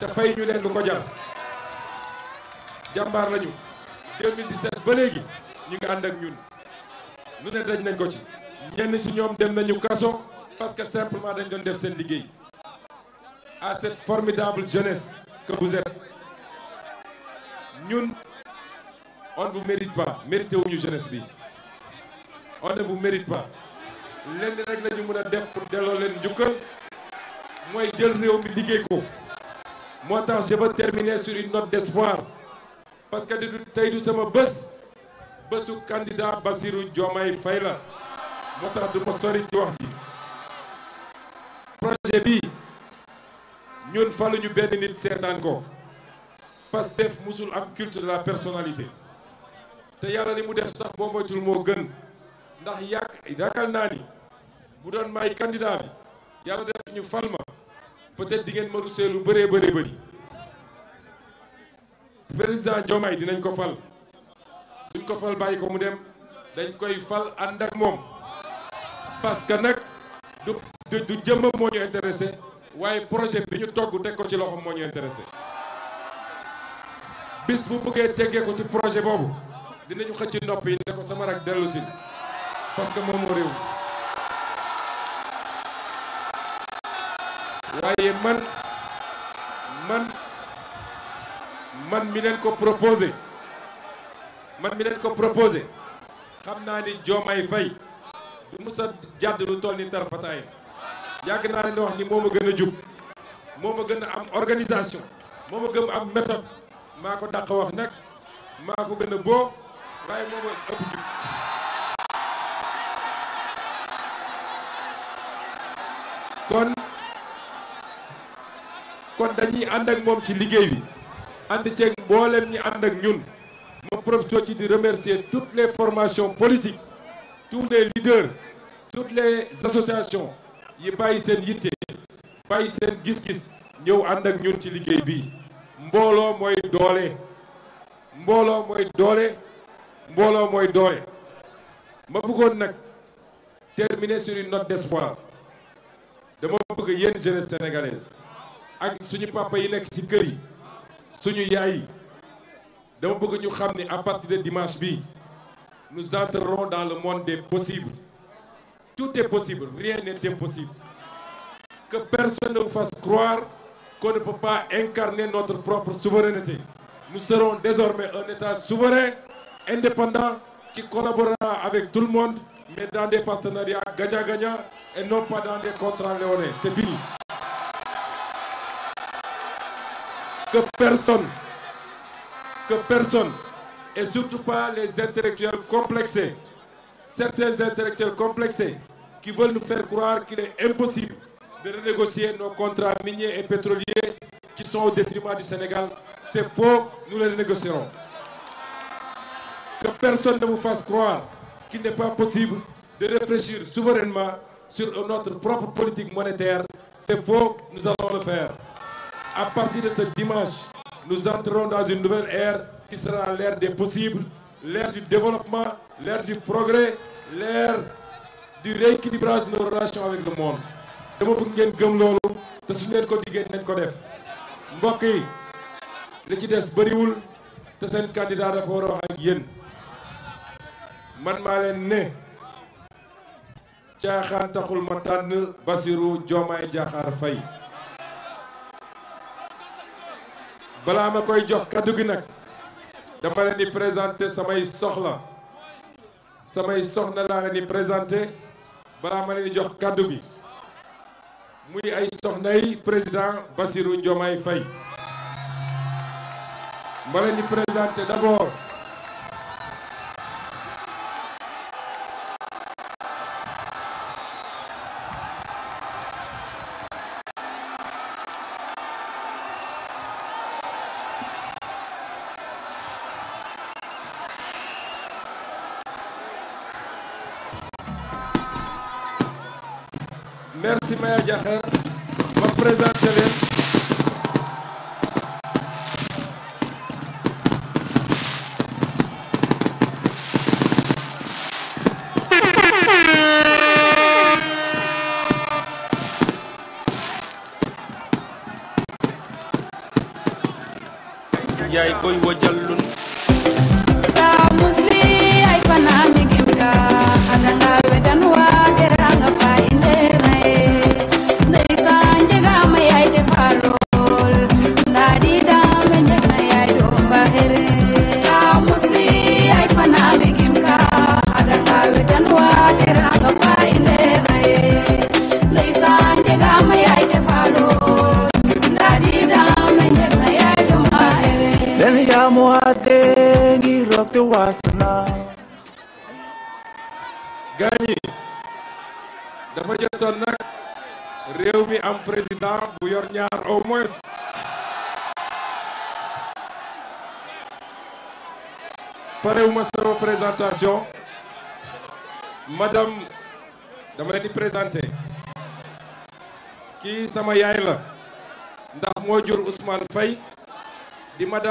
te fay ñu leen lu ko jar jàmbaar lañu 2017 ba léegi ñi ngi ànd ak ñun lu ne daj nañ ko ci ñenn ci ñoom dem nañu kaso parce que simplement dañ doon def seen liggéey à cette formidable jeunesse que vous êtes ñun on bu vous mérite pas mérité wuñu jeunesse bi on bu vous mérite pas lenn rek la ñu mën a def pour delloo leen njukkal mooy jël réew mi liggéey ko moo tax je veux terminer sur une note d'espoir parce que du tey du sama bés bésu candidat Bassirou Diomaye Faye la moo tax du sori ci wax ji projet bi ñun faluñu benn nit seetaan ko Pastef musul am culte de la personnalité te yàlla li mu def sax boo moytul moo gën ndax yàq yaakaar naa ni bu doon may candidat bi yàlla def ñu fal ma peut-être di ngeen ma rusee lu bëree bëri bëri président Diomaye dinañ ko fal duñ ko fal bàyyi ko mu dem dañ koy fal ànd ak moom parce que nag du du jëmmam moo ñu intéressé waaye projet bi ñu togg teg ko ci loxoom moo ñu intéressé bis bu bëggee teggee ko ci projet boobu dinañu xëcc nopp yi ne ko sama rak dellusi parce que moom moo réew waaye man man man mi leen ko proposé man mi leen ko proposé xam naa ni Diomaye Faye du mës a jàdd lu toll ni tarfataay yàgg naa leen wax ni moo ma gën a jub moo ma gën a am organisation moo ma gën a am méthode maa ko dàq wax nag maa ko gën a boo waaye moo ma ëpp jub kon kon dañuy ànd ak moom ci liggéey bi ànd ceeg mboolem ñi ànd ak ñun ma profité ci di remercier toutes les formations politiques tous les leaders toutes les associations yi bàyyi seen yitte bàyyi seen gis-gis ñëw ànd ak ñun ci liggéey bi mbooloo mooy doole mbooloo mooy doole mbooloo mooy doole ma bëggoon nag terminer sur une note d'espoir dama bëgg yéen jeunesse sénégalaise ak suñu papa yi nekk ci kër yi suñu yaay yi dama bëgg ñu xam ni à partir de dimanche bi nous entrerons dans le monde des possibles tout est possible rien n'est impossible que personne ne vous fasse croire qu'on ne peut pas incarner notre propre souveraineté nous serons désormais un État souverain indépendant qui collaborera avec tout le monde mais dans des partenariats gagnant-gagnant et non pas dans des contrats léonins c'est fini que personne, que personne, et surtout pas les intellectuels complexés, certains intellectuels complexés qui veulent nous faire croire qu'il est impossible de renégocier nos contrats miniers et pétroliers qui sont au détriment du Sénégal. C'est faux, nous les renégocierons. Que personne ne vous fasse croire qu'il n'est pas possible de réfléchir souverainement sur notre propre politique monétaire. C'est faux, nous allons le faire. à partir de ce dimanche, nous entrons dans une nouvelle ère qui sera des possibles, l'ère du développement, l'ère du progrès, leer du rééquilibrage de nos relations avec le monde. dama bëgg ngeen gëm loolu te su ngeen ko diggee nañ ko def mbokk yi li ci des bëriwul te seen candidat dafa war a wax ak yéen man maa leen ne caaxaan taxul ma tànn Bassirou Diomaye Diakhar Faye balaa ma koy jox kaddu gi nag dama leen di présenté samay soxla samay soxna laa leen di présenter balaa ma leen di jox kàddu gi muy ay soxnay président Bassirou Diomaye Faye ma leen di présenter d'abord merci Maya Diakhar ma présenté leen yaay koy wajal dafa jotoon nag réew mi am président bu yor ñaar au moins parewuma sama présentation madame dama leen di présenter kii sama yaay la ndax moo jur Ousmane Faye di madame